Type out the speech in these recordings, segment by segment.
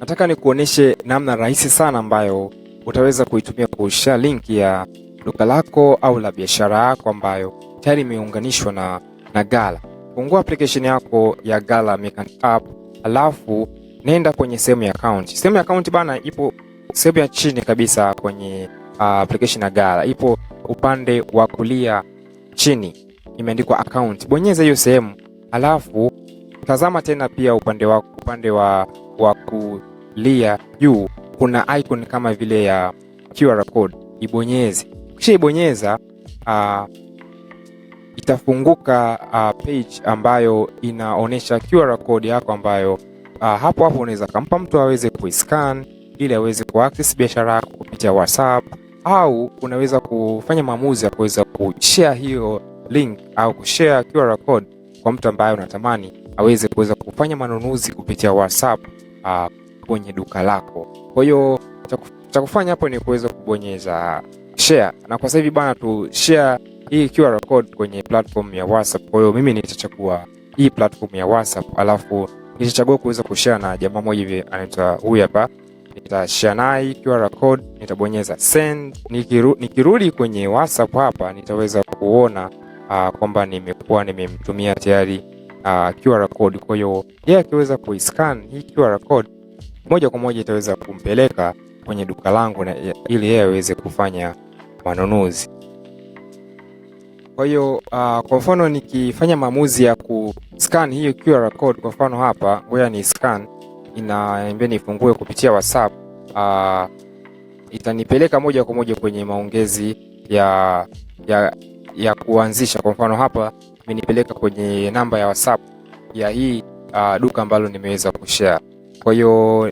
Nataka nikuoneshe namna rahisi sana ambayo utaweza kuitumia kushare link ya duka lako au la biashara yako ambayo tayari imeunganishwa na, na Gala. Fungua application yako ya gala Merchant App, alafu nenda kwenye sehemu ya account. Sehemu ya account bana ipo sehemu ya chini kabisa kwenye uh, application ya gala ipo upande wa kulia chini imeandikwa account. Bonyeza hiyo sehemu, alafu tazama tena pia upande wa upande wa wa kulia juu kuna icon kama vile ya QR code, ibonyeze. Kisha ibonyeza, uh, itafunguka uh, page ambayo inaonyesha QR code yako ambayo uh, hapo hapo unaweza kampa mtu aweze kuiscan ili aweze kuaccess biashara yako kupitia WhatsApp au unaweza kufanya maamuzi ya kuweza kushare hiyo link au kushare QR code kwa mtu ambaye unatamani aweze kuweza kufanya manunuzi kupitia WhatsApp uh, kwenye duka lako. Kwa hiyo cha kufanya hapo ni kuweza kubonyeza share, na kwa sasa hivi bana tu share hii QR code kwenye platform ya WhatsApp. Kwa hiyo mimi nitachagua hii platform ya WhatsApp, alafu nitachagua kuweza kushare na jamaa mmoja hivi anaitwa huyu hapa. Nitashare naye QR code, nitabonyeza send. Nikiru, nikirudi kwenye WhatsApp hapa nitaweza kuona uh, kwamba nimekuwa nimemtumia tayari uh, QR code. Kwa hiyo yeye akiweza kuiscan hii QR code moja kwa moja itaweza kumpeleka kwenye duka langu na ili yeye aweze kufanya manunuzi. Kwa hiyo uh, kwa mfano nikifanya maamuzi ya kuscan hiyo QR code, kwa mfano hapa, ngoja ni scan, inaambia nifungue kupitia WhatsApp uh, itanipeleka moja kwa moja kwenye maongezi ya, ya, ya kuanzisha. Kwa mfano hapa imenipeleka kwenye namba ya WhatsApp ya hii uh, duka ambalo nimeweza kushare. Kwa hiyo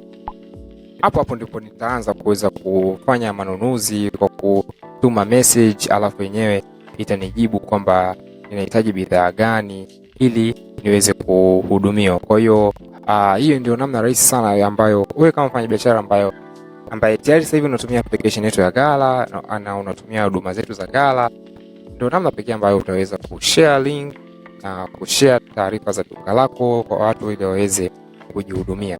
hapo hapo ndipo nitaanza kuweza kufanya manunuzi kwa kutuma message, alafu yenyewe itanijibu kwamba ninahitaji bidhaa gani ili niweze kuhudumiwa. Kwa hiyo uh, hiyo ndio namna rahisi sana ambayo wewe kama mfanyabiashara ambayo ambaye tayari sasa hivi unatumia application yetu ya gala na unatumia huduma zetu za gala ndio namna pekee ambayo utaweza kushare link na kushare taarifa za duka lako kwa watu ili waweze kujihudumia.